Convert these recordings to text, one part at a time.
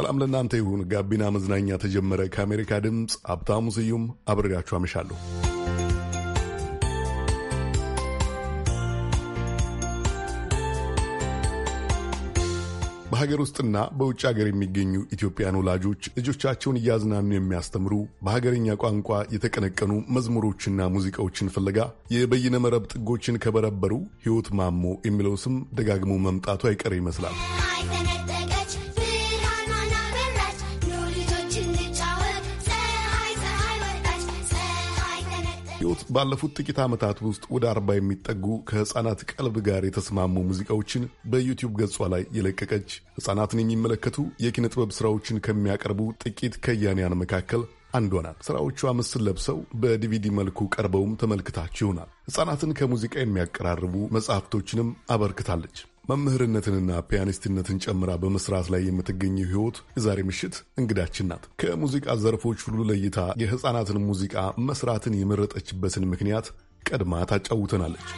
ሰላም ለእናንተ ይሁን። ጋቢና መዝናኛ ተጀመረ። ከአሜሪካ ድምፅ ሀብታሙ ስዩም አብሬያችሁ አመሻለሁ። በሀገር ውስጥና በውጭ ሀገር የሚገኙ ኢትዮጵያን ወላጆች ልጆቻቸውን እያዝናኑ የሚያስተምሩ በሀገርኛ ቋንቋ የተቀነቀኑ መዝሙሮችና ሙዚቃዎችን ፍለጋ የበይነ መረብ ጥጎችን ከበረበሩ ሕይወት ማሞ የሚለው ስም ደጋግሞ መምጣቱ አይቀር ይመስላል። ሕይወት ባለፉት ጥቂት ዓመታት ውስጥ ወደ አርባ የሚጠጉ ከሕፃናት ቀልብ ጋር የተስማሙ ሙዚቃዎችን በዩቲዩብ ገጿ ላይ የለቀቀች ሕፃናትን የሚመለከቱ የኪነ ጥበብ ሥራዎችን ከሚያቀርቡ ጥቂት ከያንያን መካከል አንዷ ናት። ሥራዎቿ ምስል ለብሰው በዲቪዲ መልኩ ቀርበውም ተመልክታችሁ ይሆናል። ሕፃናትን ከሙዚቃ የሚያቀራርቡ መጽሐፍቶችንም አበርክታለች። መምህርነትንና ፒያኒስትነትን ጨምራ በመስራት ላይ የምትገኘው ህይወት የዛሬ ምሽት እንግዳችን ናት። ከሙዚቃ ዘርፎች ሁሉ ለይታ የህፃናትን ሙዚቃ መስራትን የመረጠችበትን ምክንያት ቀድማ ታጫውተናለች።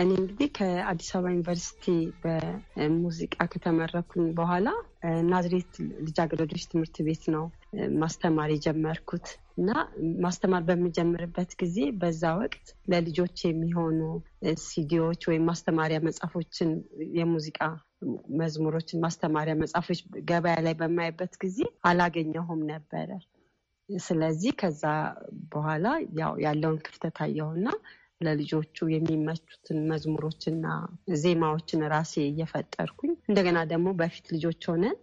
እኔ እንግዲህ ከአዲስ አበባ ዩኒቨርሲቲ በሙዚቃ ከተመረኩኝ በኋላ ናዝሬት ልጃገረዶች ትምህርት ቤት ነው ማስተማር የጀመርኩት እና ማስተማር በምጀምርበት ጊዜ በዛ ወቅት ለልጆች የሚሆኑ ሲዲዎች ወይም ማስተማሪያ መጽሐፎችን የሙዚቃ መዝሙሮችን ማስተማሪያ መጽሐፎች ገበያ ላይ በማይበት ጊዜ አላገኘሁም ነበረ። ስለዚህ ከዛ በኋላ ያው ያለውን ክፍተት አየሁና ለልጆቹ የሚመቹትን መዝሙሮችና ዜማዎችን ራሴ እየፈጠርኩኝ እንደገና ደግሞ በፊት ልጆች ሆነን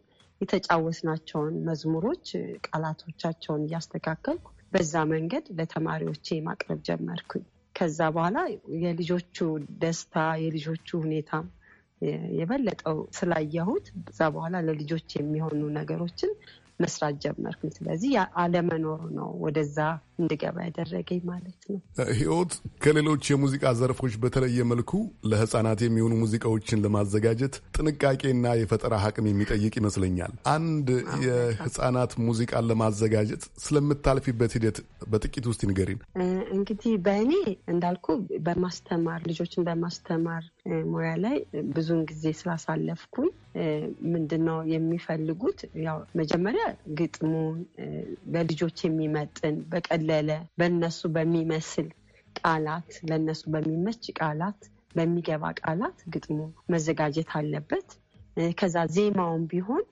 የተጫወትናቸውን መዝሙሮች ቃላቶቻቸውን እያስተካከልኩ በዛ መንገድ ለተማሪዎቼ ማቅረብ ጀመርኩኝ። ከዛ በኋላ የልጆቹ ደስታ የልጆቹ ሁኔታ የበለጠው ስላየሁት ከዛ በኋላ ለልጆች የሚሆኑ ነገሮችን መስራት ጀመርኩኝ። ስለዚህ አለመኖሩ ነው ወደዛ እንድገባ ያደረገኝ ማለት ነው። ህይወት ከሌሎች የሙዚቃ ዘርፎች በተለየ መልኩ ለህጻናት የሚሆኑ ሙዚቃዎችን ለማዘጋጀት ጥንቃቄና የፈጠራ አቅም የሚጠይቅ ይመስለኛል። አንድ የህጻናት ሙዚቃን ለማዘጋጀት ስለምታልፊበት ሂደት በጥቂት ውስጥ ይንገሪን። እንግዲህ በእኔ እንዳልኩ በማስተማር ልጆችን በማስተማር ሙያ ላይ ብዙን ጊዜ ስላሳለፍኩኝ ምንድነው የሚፈልጉት ያው መጀመሪያ ግጥሙን በልጆች የሚመጥን በቀል በዘለለ በነሱ በሚመስል ቃላት ለነሱ በሚመች ቃላት በሚገባ ቃላት ግጥሙ መዘጋጀት አለበት። ከዛ ዜማውን ቢሆን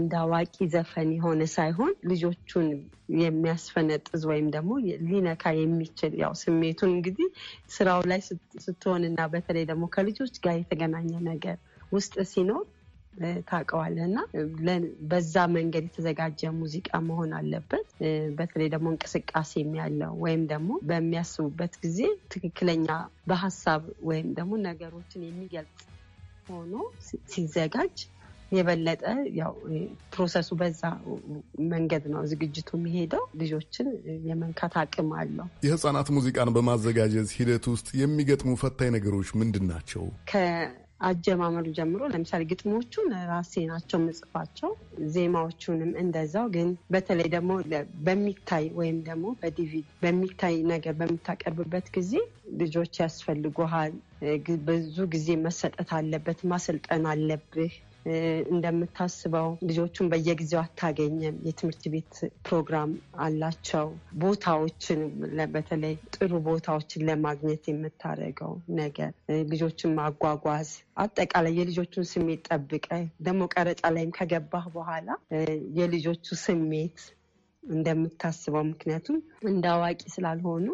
እንደ አዋቂ ዘፈን የሆነ ሳይሆን ልጆቹን የሚያስፈነጥዝ ወይም ደግሞ ሊነካ የሚችል ያው ስሜቱን እንግዲህ ስራው ላይ ስትሆንና በተለይ ደግሞ ከልጆች ጋር የተገናኘ ነገር ውስጥ ሲኖር ታውቀዋለህ እና በዛ መንገድ የተዘጋጀ ሙዚቃ መሆን አለበት። በተለይ ደግሞ እንቅስቃሴም ያለው ወይም ደግሞ በሚያስቡበት ጊዜ ትክክለኛ በሀሳብ ወይም ደግሞ ነገሮችን የሚገልጽ ሆኖ ሲዘጋጅ የበለጠ ያው ፕሮሰሱ በዛ መንገድ ነው ዝግጅቱ የሚሄደው። ልጆችን የመንካት አቅም አለው። የህፃናት ሙዚቃን በማዘጋጀት ሂደት ውስጥ የሚገጥሙ ፈታኝ ነገሮች ምንድን ናቸው? አጀማመሩ ጀምሮ ለምሳሌ ግጥሞቹን ራሴ ናቸው ምጽፋቸው፣ ዜማዎቹንም እንደዛው። ግን በተለይ ደግሞ በሚታይ ወይም ደግሞ በዲቪድ በሚታይ ነገር በምታቀርብበት ጊዜ ልጆች ያስፈልጉሃል። ብዙ ጊዜ መሰጠት አለበት፣ ማሰልጠን አለብህ። እንደምታስበው ልጆቹን በየጊዜው አታገኘም። የትምህርት ቤት ፕሮግራም አላቸው። ቦታዎችን በተለይ ጥሩ ቦታዎችን ለማግኘት የምታደርገው ነገር ልጆችን ማጓጓዝ፣ አጠቃላይ የልጆቹን ስሜት ጠብቀ ደግሞ ቀረጻ ላይም ከገባህ በኋላ የልጆቹ ስሜት እንደምታስበው ምክንያቱም እንደ አዋቂ ስላልሆኑ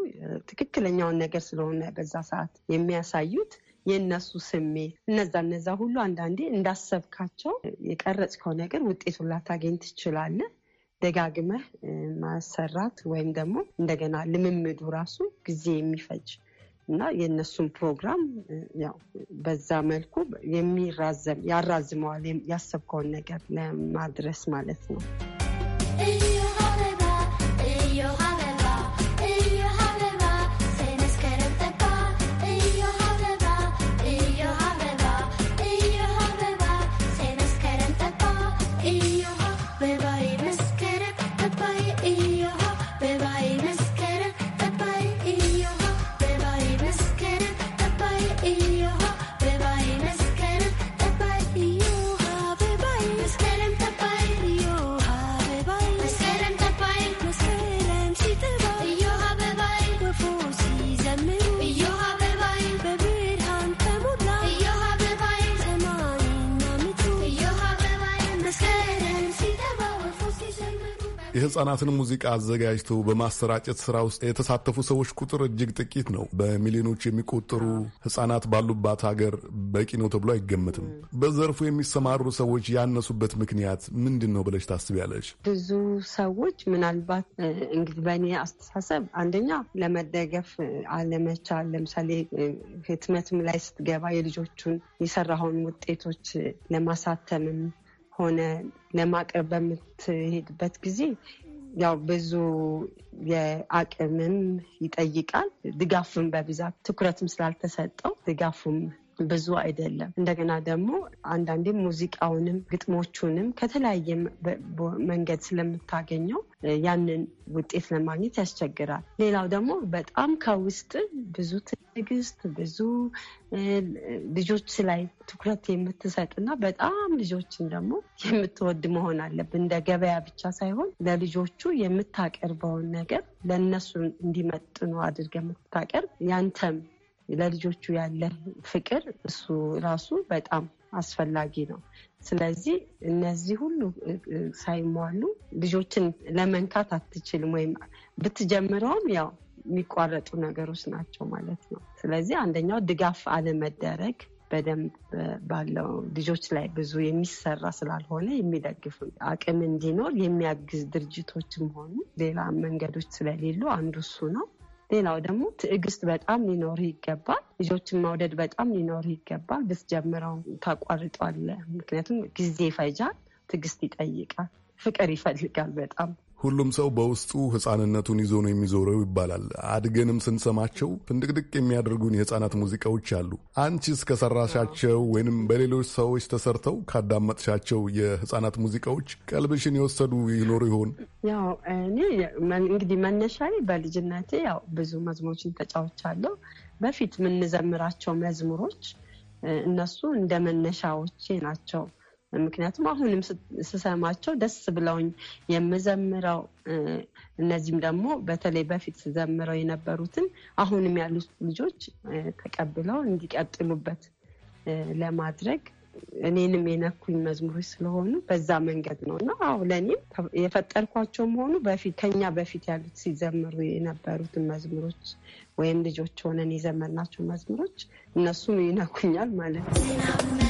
ትክክለኛውን ነገር ስለሆነ በዛ ሰዓት የሚያሳዩት የእነሱ ስሜት እነዛ እነዛ ሁሉ አንዳንዴ እንዳሰብካቸው የቀረጽከው ነገር ውጤቱን ላታገኝ ትችላለህ። ደጋግመህ ማሰራት ወይም ደግሞ እንደገና ልምምዱ ራሱ ጊዜ የሚፈጅ እና የእነሱን ፕሮግራም ያው በዛ መልኩ የሚራዘም ያራዝመዋል ያሰብከውን ነገር ለማድረስ ማለት ነው። የህፃናትን ሙዚቃ አዘጋጅቶ በማሰራጨት ስራ ውስጥ የተሳተፉ ሰዎች ቁጥር እጅግ ጥቂት ነው። በሚሊዮኖች የሚቆጠሩ ህጻናት ባሉባት ሀገር በቂ ነው ተብሎ አይገመትም። በዘርፉ የሚሰማሩ ሰዎች ያነሱበት ምክንያት ምንድን ነው ብለሽ ታስቢያለሽ? ብዙ ሰዎች ምናልባት እንግዲህ በእኔ አስተሳሰብ አንደኛ ለመደገፍ አለመቻል። ለምሳሌ ህትመትም ላይ ስትገባ የልጆቹን የሰራውን ውጤቶች ለማሳተምም ሆነ ለማቅረብ በምትሄድበት ጊዜ ያው ብዙ የአቅምም ይጠይቃል። ድጋፍም በብዛት ትኩረትም ስላልተሰጠው ድጋፉም ብዙ አይደለም። እንደገና ደግሞ አንዳንዴ ሙዚቃውንም ግጥሞቹንም ከተለያየ መንገድ ስለምታገኘው ያንን ውጤት ለማግኘት ያስቸግራል። ሌላው ደግሞ በጣም ከውስጥ ብዙ ትዕግስት፣ ብዙ ልጆች ላይ ትኩረት የምትሰጥ እና በጣም ልጆችን ደግሞ የምትወድ መሆን አለብን። እንደ ገበያ ብቻ ሳይሆን ለልጆቹ የምታቀርበውን ነገር ለእነሱ እንዲመጥኑ አድርገ የምታቀርብ ያንተም ለልጆቹ ያለ ፍቅር እሱ ራሱ በጣም አስፈላጊ ነው። ስለዚህ እነዚህ ሁሉ ሳይሟሉ ልጆችን ለመንካት አትችልም፣ ወይም ብትጀምረውም ያው የሚቋረጡ ነገሮች ናቸው ማለት ነው። ስለዚህ አንደኛው ድጋፍ አለመደረግ በደንብ ባለው ልጆች ላይ ብዙ የሚሰራ ስላልሆነ የሚደግፍ አቅም እንዲኖር የሚያግዝ ድርጅቶችም ሆኑ ሌላ መንገዶች ስለሌሉ አንዱ እሱ ነው። ሌላው ደግሞ ትዕግስት በጣም ሊኖር ይገባል። ልጆችን መውደድ በጣም ሊኖር ይገባል። ብትጀምረው ታቋርጧለ ምክንያቱም ጊዜ ይፈጃል፣ ትዕግስት ይጠይቃል፣ ፍቅር ይፈልጋል በጣም ሁሉም ሰው በውስጡ ሕፃንነቱን ይዞ ነው የሚዞረው ይባላል። አድገንም ስንሰማቸው ፍንድቅድቅ የሚያደርጉን የሕፃናት ሙዚቃዎች አሉ። አንቺስ ከሰራሻቸው ወይንም በሌሎች ሰዎች ተሰርተው ካዳመጥሻቸው የሕፃናት ሙዚቃዎች ቀልብሽን የወሰዱ ይኖሩ ይሆን? ያው እኔ እንግዲህ መነሻዬ በልጅነቴ ያው ብዙ መዝሙሮችን ተጫውቻለሁ። በፊት የምንዘምራቸው መዝሙሮች እነሱ እንደ መነሻዎቼ ናቸው። ምክንያቱም አሁንም ስሰማቸው ደስ ብለውኝ የምዘምረው እነዚህም ደግሞ በተለይ በፊት ስዘምረው የነበሩትን አሁንም ያሉት ልጆች ተቀብለው እንዲቀጥሉበት ለማድረግ እኔንም የነኩኝ መዝሙሮች ስለሆኑ በዛ መንገድ ነው እና አሁ ለእኔም የፈጠርኳቸውም ሆኑ በፊት ከኛ በፊት ያሉት ሲዘምሩ የነበሩትን መዝሙሮች ወይም ልጆች ሆነን የዘመርናቸው መዝሙሮች እነሱም ይነኩኛል ማለት ነው።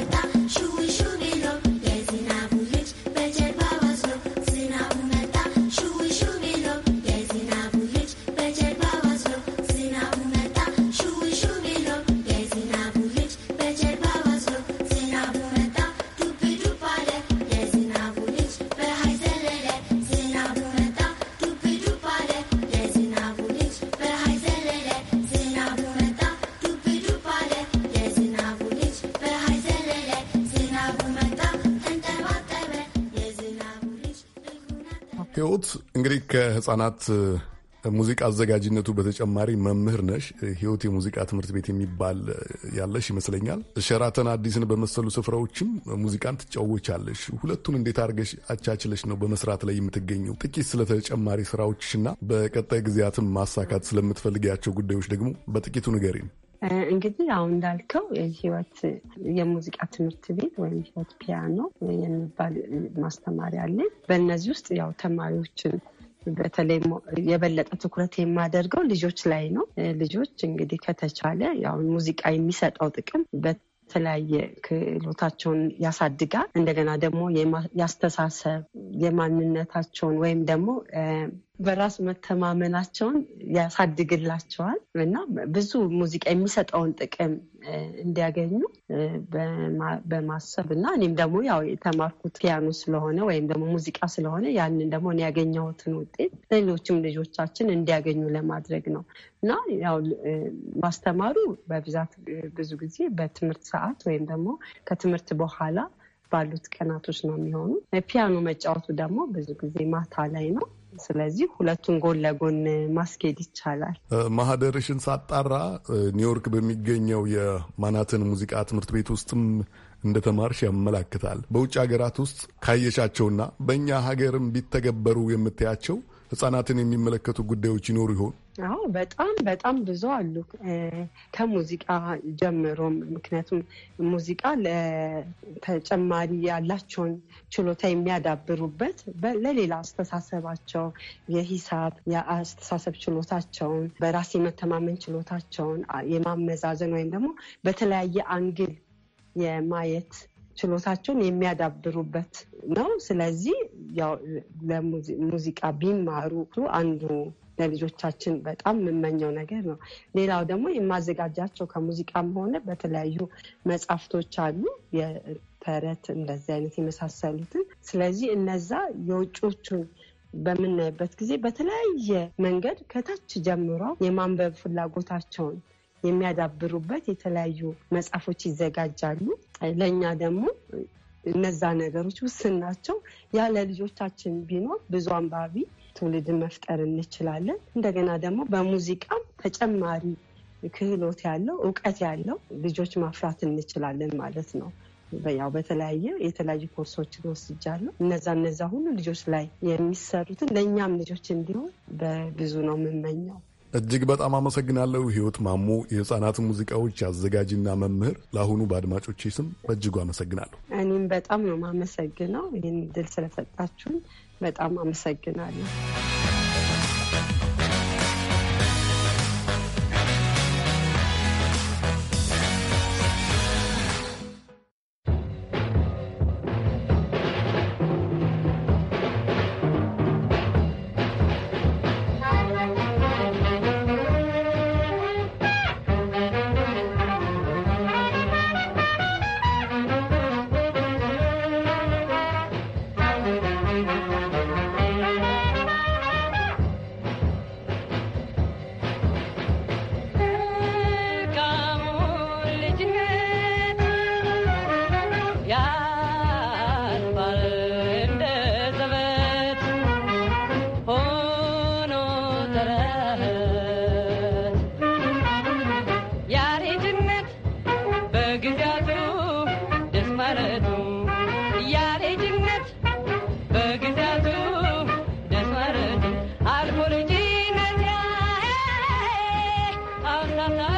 ህጻናት ሙዚቃ አዘጋጅነቱ በተጨማሪ መምህር ነሽ። ህይወት የሙዚቃ ትምህርት ቤት የሚባል ያለሽ ይመስለኛል። ሸራተን አዲስን በመሰሉ ስፍራዎችም ሙዚቃን ትጫወቻለሽ። ሁለቱን እንዴት አድርገሽ አቻችለሽ ነው በመስራት ላይ የምትገኘው? ጥቂት ስለ ተጨማሪ ስራዎችና በቀጣይ ጊዜያትም ማሳካት ስለምትፈልጊያቸው ጉዳዮች ደግሞ በጥቂቱ ንገሪን። እንግዲህ አሁን እንዳልከው ህይወት የሙዚቃ ትምህርት ቤት ወይም ህይወት ፒያኖ የሚባል ማስተማሪያ አለ። በእነዚህ ውስጥ ያው ተማሪዎችን በተለይ የበለጠ ትኩረት የማደርገው ልጆች ላይ ነው። ልጆች እንግዲህ ከተቻለ ያው ሙዚቃ የሚሰጠው ጥቅም በተለያየ ክህሎታቸውን ያሳድጋል። እንደገና ደግሞ ያስተሳሰብ የማንነታቸውን ወይም ደግሞ በራስ መተማመናቸውን ያሳድግላቸዋል እና ብዙ ሙዚቃ የሚሰጠውን ጥቅም እንዲያገኙ በማሰብ እና እኔም ደግሞ ያው የተማርኩት ፒያኖ ስለሆነ ወይም ደግሞ ሙዚቃ ስለሆነ ያንን ደግሞ እኔ ያገኘሁትን ውጤት ሌሎችም ልጆቻችን እንዲያገኙ ለማድረግ ነው እና ያው ማስተማሩ በብዛት ብዙ ጊዜ በትምህርት ሰዓት ወይም ደግሞ ከትምህርት በኋላ ባሉት ቀናቶች ነው የሚሆኑ። ፒያኖ መጫወቱ ደግሞ ብዙ ጊዜ ማታ ላይ ነው። ስለዚህ ሁለቱን ጎን ለጎን ማስኬድ ይቻላል። ማህደርሽን ሳጣራ ኒውዮርክ በሚገኘው የማናትን ሙዚቃ ትምህርት ቤት ውስጥም እንደተማርሽ ያመላክታል። በውጭ ሀገራት ውስጥ ካየሻቸውና በእኛ ሀገርም ቢተገበሩ የምታያቸው ህጻናትን የሚመለከቱ ጉዳዮች ይኖሩ ይሆን? አዎ በጣም በጣም ብዙ አሉ። ከሙዚቃ ጀምሮ ምክንያቱም ሙዚቃ ለተጨማሪ ያላቸውን ችሎታ የሚያዳብሩበት ለሌላ አስተሳሰባቸው፣ የሂሳብ የአስተሳሰብ ችሎታቸውን፣ በራስ የመተማመን ችሎታቸውን የማመዛዘን ወይም ደግሞ በተለያየ አንግል የማየት ችሎታቸውን የሚያዳብሩበት ነው። ስለዚህ ያው ለሙዚቃ ቢማሩ አንዱ ለልጆቻችን በጣም የምመኘው ነገር ነው። ሌላው ደግሞ የማዘጋጃቸው ከሙዚቃም ሆነ በተለያዩ መጽሐፍቶች አሉ የተረት እንደዚህ አይነት የመሳሰሉትን። ስለዚህ እነዛ የውጮቹን በምናይበት ጊዜ በተለያየ መንገድ ከታች ጀምሮ የማንበብ ፍላጎታቸውን የሚያዳብሩበት የተለያዩ መጽሐፎች ይዘጋጃሉ። ለእኛ ደግሞ እነዛ ነገሮች ውስን ናቸው። ያለ ልጆቻችን ቢኖር ብዙ አንባቢ ትውልድን መፍጠር እንችላለን። እንደገና ደግሞ በሙዚቃም ተጨማሪ ክህሎት ያለው እውቀት ያለው ልጆች ማፍራት እንችላለን ማለት ነው። ያው በተለያየ የተለያዩ ኮርሶችን ወስጃለሁ። እነዛ እነዛ ሁሉ ልጆች ላይ የሚሰሩትን ለእኛም ልጆች እንዲሆን በብዙ ነው የምመኘው። እጅግ በጣም አመሰግናለሁ። ህይወት ማሞ የህፃናት ሙዚቃዎች አዘጋጅና መምህር፣ ለአሁኑ በአድማጮች ስም በእጅጉ አመሰግናለሁ። እኔም በጣም ነው የማመሰግነው ይህን ድል ስለሰጣችሁን። በጣም አመሰግናለሁ። Madame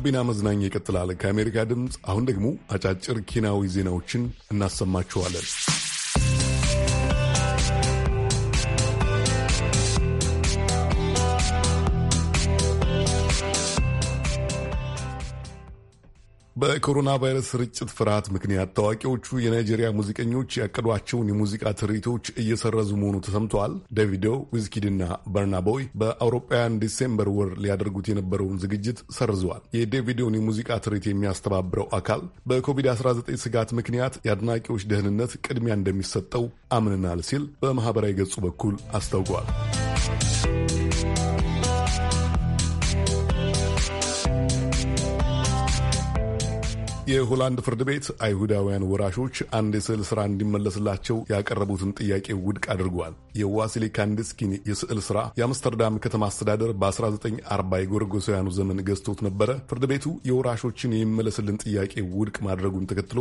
ጋቢና መዝናኛ ይቀጥላል። ከአሜሪካ ድምፅ አሁን ደግሞ አጫጭር ኪናዊ ዜናዎችን እናሰማችኋለን። በኮሮና ቫይረስ ስርጭት ፍርሃት ምክንያት ታዋቂዎቹ የናይጄሪያ ሙዚቀኞች ያቀዷቸውን የሙዚቃ ትርኢቶች እየሰረዙ መሆኑ ተሰምተዋል። ዴቪዶ፣ ዊዝኪድና በርናቦይ በአውሮፓውያን ዲሴምበር ወር ሊያደርጉት የነበረውን ዝግጅት ሰርዘዋል። የዴቪዶን የሙዚቃ ትርኢት የሚያስተባብረው አካል በኮቪድ-19 ስጋት ምክንያት የአድናቂዎች ደህንነት ቅድሚያ እንደሚሰጠው አምንናል ሲል በማህበራዊ ገጹ በኩል አስታውቋል። የሆላንድ ፍርድ ቤት አይሁዳውያን ወራሾች አንድ የስዕል ሥራ እንዲመለስላቸው ያቀረቡትን ጥያቄ ውድቅ አድርጓል። የዋሲሊ ካንዲስኪን የስዕል ሥራ የአምስተርዳም ከተማ አስተዳደር በ1940 የጎረጎሳውያኑ ዘመን ገዝቶት ነበረ። ፍርድ ቤቱ የወራሾችን የሚመለስልን ጥያቄ ውድቅ ማድረጉን ተከትሎ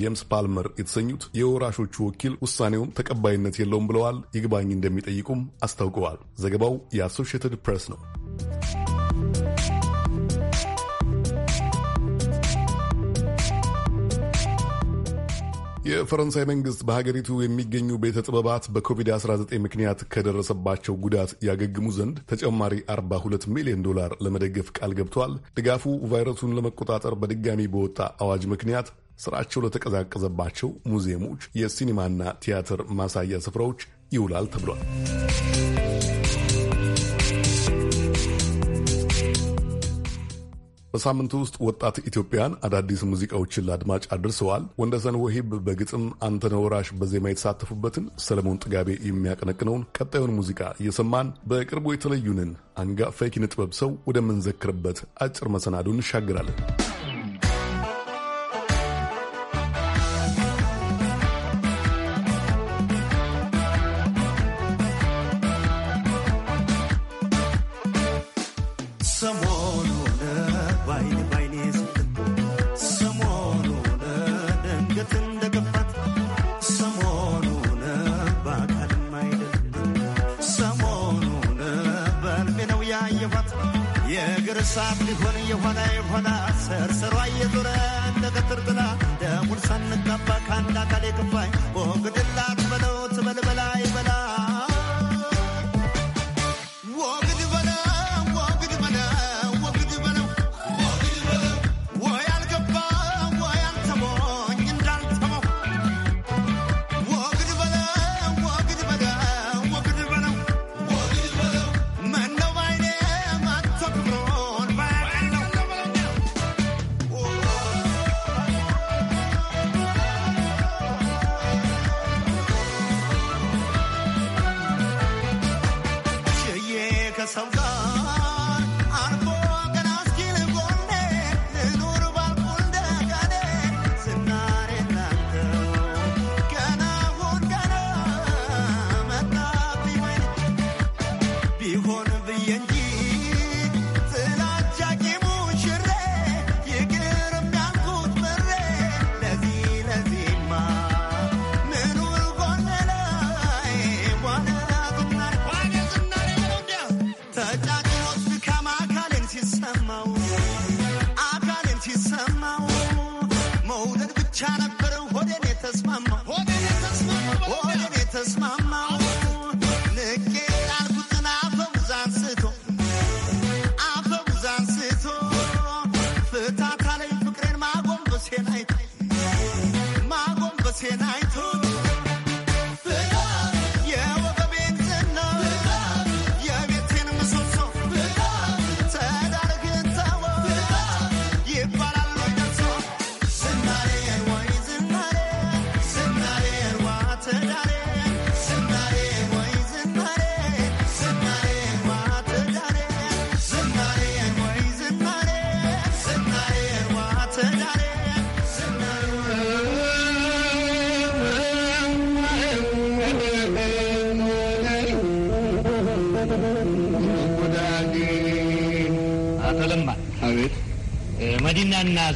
ጄምስ ፓልመር የተሰኙት የወራሾቹ ወኪል ውሳኔውም ተቀባይነት የለውም ብለዋል። ይግባኝ እንደሚጠይቁም አስታውቀዋል። ዘገባው የአሶሺየትድ ፕሬስ ነው። የፈረንሳይ መንግስት በሀገሪቱ የሚገኙ ቤተ ጥበባት በኮቪድ-19 ምክንያት ከደረሰባቸው ጉዳት ያገግሙ ዘንድ ተጨማሪ 42 ሚሊዮን ዶላር ለመደገፍ ቃል ገብቷል። ድጋፉ ቫይረሱን ለመቆጣጠር በድጋሚ በወጣ አዋጅ ምክንያት ስራቸው ለተቀዛቀዘባቸው ሙዚየሞች፣ የሲኒማና ቲያትር ማሳያ ስፍራዎች ይውላል ተብሏል። በሳምንቱ ውስጥ ወጣት ኢትዮጵያን አዳዲስ ሙዚቃዎችን ለአድማጭ አድርሰዋል። ወንደሰን ወሂብ በግጥም አንተነ ወራሽ በዜማ የተሳተፉበትን፣ ሰለሞን ጥጋቤ የሚያቀነቅነውን ቀጣዩን ሙዚቃ እየሰማን በቅርቡ የተለዩንን አንጋፋ የኪነ ጥበብ ሰው ወደምንዘክርበት አጭር መሰናዶ እንሻገራለን።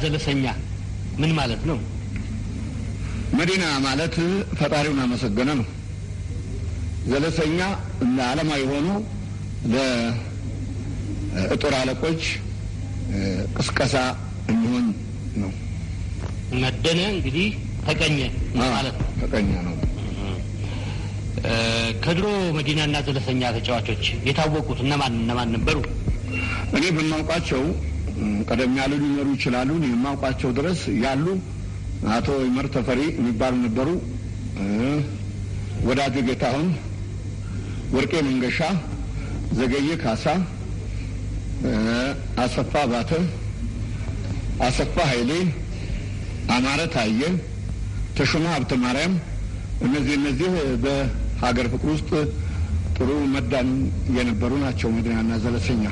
ዘለሰኛ ምን ማለት ነው? መዲና ማለት ፈጣሪውን አመሰገነ ነው። ዘለሰኛ ለዓለማ የሆኑ ለእጦር አለቆች ቅስቀሳ የሚሆን ነው። መደነ እንግዲህ ተቀኘ ማለት ነው። ተቀኘ ነው። ከድሮ መዲናና ዘለሰኛ ተጫዋቾች የታወቁት እነማን እነማን ነበሩ? እኔ ብናውቃቸው ቀደም ያሉ ሊኖሩ ይችላሉ። የማውቃቸው ድረስ ያሉ አቶ ይመር ተፈሪ የሚባሉ ነበሩ። ወዳጅ ጌታሁን፣ ወርቄ መንገሻ፣ ዘገየ ካሳ፣ አሰፋ ባተ፣ አሰፋ ኃይሌ፣ አማረ ታየ፣ ተሾመ ሀብተ ማርያም እነዚህ እነዚህ በሀገር ፍቅር ውስጥ ጥሩ መዳን የነበሩ ናቸው። መድናና ዘለሰኛ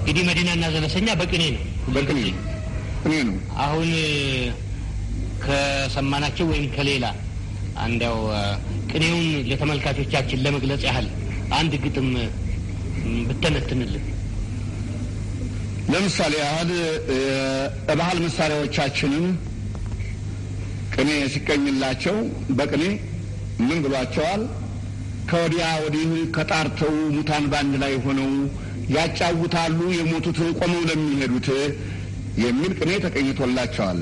እንግዲህ መዲናና ዘለሰኛ በቅኔ ነው በቅኔ ቅኔ ነው። አሁን ከሰማናቸው ወይም ከሌላ አንዲያው ቅኔውን ለተመልካቾቻችን ለመግለጽ ያህል አንድ ግጥም ብተነትንልን። ለምሳሌ ያህል የባህል መሳሪያዎቻችንን ቅኔ ሲቀኝላቸው በቅኔ ምን ብሏቸዋል? ከወዲያ ወዲህ ከጣርተው ሙታን በአንድ ላይ ሆነው ያጫውታሉ የሞቱትን ቆመው ለሚሄዱት የሚል ቅኔ ተቀኝቶላቸዋል።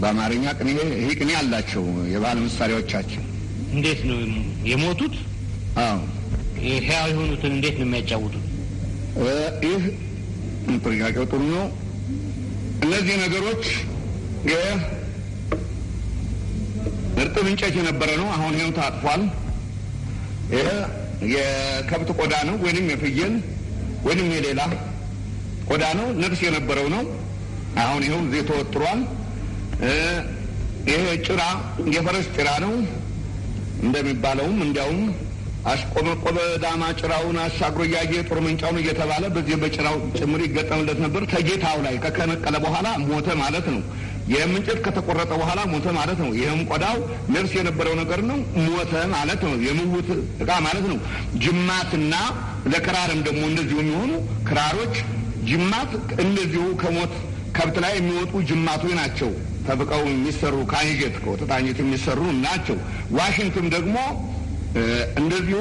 በአማርኛ ቅኔ ይህ ቅኔ አላቸው የባህል መሳሪያዎቻቸው። እንዴት ነው የሞቱት? አዎ ህያው የሆኑትን እንዴት ነው የሚያጫውቱት? ይህ ጥያቄው ጥሩ ነው። እነዚህ ነገሮች እርጥብ እንጨት የነበረ ነው። አሁን ይኸው ታጥፏል። የከብት ቆዳ ነው ወይንም የፍየል ወይንም የሌላ ቆዳ ነው። ነፍስ የነበረው ነው። አሁን ይኸው እዚህ ተወጥሯል። ይሄ ጭራ የፈረስ ጭራ ነው እንደሚባለውም እንዲያውም አሽቆበቆበ ዳማ ጭራውን አሻግሮ እያየ ጦር መንጫውን እየተባለ በዚህ በጭራው ጭምር ይገጠምለት ነበር። ተጌታው ላይ ከከነቀለ በኋላ ሞተ ማለት ነው። ይህም እንጨት ከተቆረጠ በኋላ ሞተ ማለት ነው። ይህም ቆዳው ነርስ የነበረው ነገር ነው፣ ሞተ ማለት ነው። የምውት እቃ ማለት ነው። ጅማትና ለክራርም ደግሞ እንደዚሁ የሚሆኑ ክራሮች፣ ጅማት እንደዚሁ ከሞት ከብት ላይ የሚወጡ ጅማቱ ናቸው። ተብቀው የሚሰሩ ካይጌት ከወተት አኝት የሚሰሩ ናቸው። ዋሽንትም ደግሞ እንደዚሁ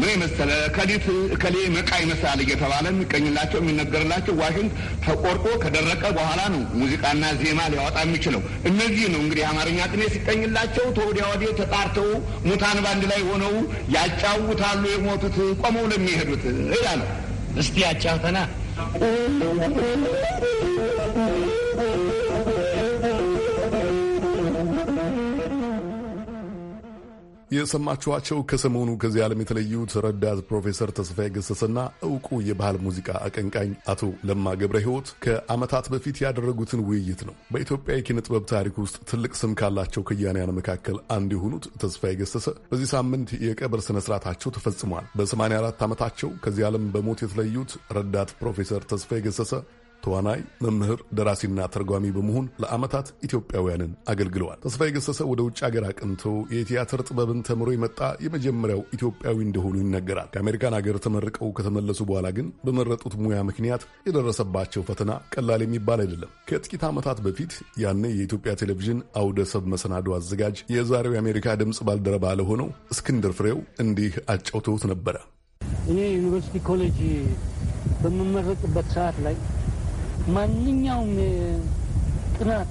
ምን የመሰለ ከዲት ከሌ መቃይ ይመስላል እየተባለ የሚቀኝላቸው የሚነገርላቸው ዋሽንት ተቆርጦ ከደረቀ በኋላ ነው ሙዚቃና ዜማ ሊያወጣ የሚችለው። እነዚህ ነው እንግዲህ አማርኛ ቅኔ ሲቀኝላቸው ተወዲያ ወዲህ ተጣርተው ሙታን ባንድ ላይ ሆነው ያጫውታሉ። የሞቱት ቆመው ለሚሄዱት ይላል። እስቲ ያጫውተና የሰማችኋቸው ከሰሞኑ ከዚህ ዓለም የተለዩት ረዳት ፕሮፌሰር ተስፋዬ ገሰሰና እውቁ የባህል ሙዚቃ አቀንቃኝ አቶ ለማ ገብረ ሕይወት ከዓመታት በፊት ያደረጉትን ውይይት ነው። በኢትዮጵያ የኪነ ጥበብ ታሪክ ውስጥ ትልቅ ስም ካላቸው ከያንያን መካከል አንዱ የሆኑት ተስፋዬ ገሰሰ በዚህ ሳምንት የቀብር ስነ ስርዓታቸው ተፈጽሟል። በ84 ዓመታቸው ከዚህ ዓለም በሞት የተለዩት ረዳት ፕሮፌሰር ተስፋዬ ገሰሰ ተዋናይ፣ መምህር፣ ደራሲና ተርጓሚ በመሆን ለዓመታት ኢትዮጵያውያንን አገልግለዋል። ተስፋዬ ገሰሰ ወደ ውጭ ሀገር አቅንቶ የቲያትር ጥበብን ተምሮ የመጣ የመጀመሪያው ኢትዮጵያዊ እንደሆኑ ይነገራል። ከአሜሪካን ሀገር ተመርቀው ከተመለሱ በኋላ ግን በመረጡት ሙያ ምክንያት የደረሰባቸው ፈተና ቀላል የሚባል አይደለም። ከጥቂት ዓመታት በፊት ያኔ የኢትዮጵያ ቴሌቪዥን አውደ ሰብ መሰናዶ አዘጋጅ የዛሬው የአሜሪካ ድምፅ ባልደረባ ለሆነው እስክንድር ፍሬው እንዲህ አጫውተውት ነበረ። እኔ ዩኒቨርሲቲ ኮሌጅ በምመረጥበት ሰዓት ላይ ማንኛውም ጥናት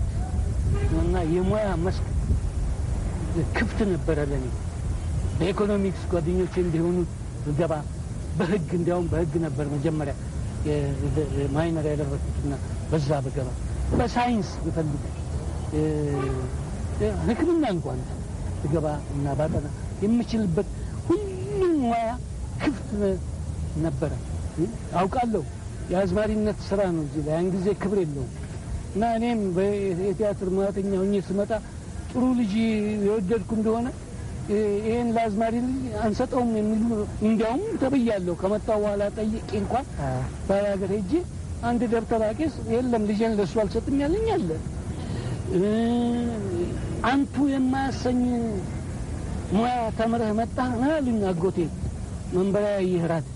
እና የሙያ መስክ ክፍት ነበረ ለኔ። በኢኮኖሚክስ ጓደኞች እንዲሆኑ ገባ። በህግ እንዲያውም በህግ ነበር መጀመሪያ ማይነር ያደረኩትና በዛ በገባ በሳይንስ ብፈልግ ሕክምና እንኳን ብገባ እና ባጠና የምችልበት ሁሉም ሙያ ክፍት ነበረ። አውቃለሁ የአዝማሪነት ስራ ነው እዚህ ላይ ያን ጊዜ ክብር የለውም እና እኔም የቲያትር ሙያተኛ ሁኜ ስመጣ ጥሩ ልጅ የወደድኩ እንደሆነ ይህን ለአዝማሪ አንሰጠውም የሚሉ እንዲያውም ተብያለሁ። ከመጣሁ በኋላ ጠይቄ እንኳን ባላገር ሄጄ አንድ ደብተር አቄስ የለም ልጄን ለእሱ አልሰጥም ያለኝ አለ። አንቱ የማያሰኝ ሙያ ተምረህ መጣ ናሉኝ አጎቴ መንበሪያ ይህራት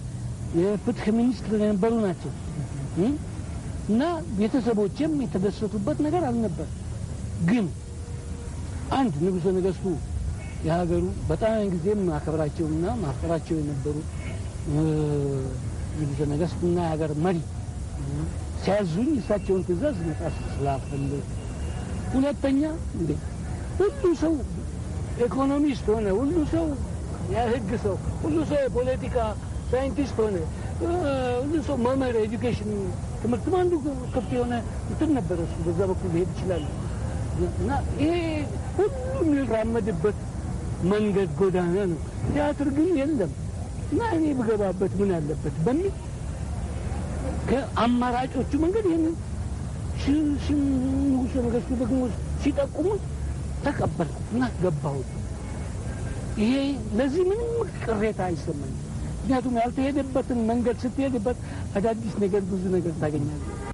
የፍትህ ሚኒስትር የነበሩ ናቸው። እና ቤተሰቦችም የተደሰቱበት ነገር አልነበር። ግን አንድ ንጉሰ ነገስቱ የሀገሩ በጣም ጊዜም ማከብራቸውና ማፍቀራቸው የነበሩ ንጉሰ ነገስትና የሀገር መሪ ሲያዙኝ እሳቸውን ትእዛዝ መጣስ ስላልፈልግ፣ ሁለተኛ እንዴ ሁሉ ሰው ኢኮኖሚስት ሆነ፣ ሁሉ ሰው የህግ ሰው፣ ሁሉ ሰው የፖለቲካ ሳይንቲስት ሆነ ሰው መምህር ኤዱኬሽን ትምህርትም አንዱ ክፍት የሆነ እንትን ነበረ። እሱ በዛ በኩል ሊሄድ ይችላል እና ይሄ ሁሉ የሚራመድበት መንገድ ጎዳና ነው። ቲያትር ግን የለም እና እኔ ብገባበት ምን አለበት በሚል ከአማራጮቹ መንገድ ይህን ንጉሠ ነገሥቱ ደግሞ ሲጠቁሙ ተቀበልኩ እና ገባሁ። ይሄ ለዚህ ምንም ቅሬታ አይሰማኝም። ምክንያቱም ያልተሄደበትን መንገድ ስትሄድበት አዳዲስ ነገር ብዙ ነገር ታገኛለህ።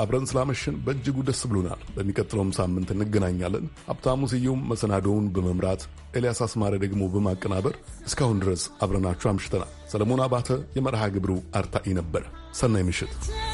አብረን ስላመሸን በእጅጉ ደስ ብሎናል። በሚቀጥለውም ሳምንት እንገናኛለን። ሀብታሙ ስዩም መሰናዶውን በመምራት ኤልያስ አስማረ ደግሞ በማቀናበር እስካሁን ድረስ አብረናችሁ አምሽተናል። ሰለሞን አባተ የመርሃ ግብሩ አርታኢ ነበር። ሰናይ ምሽት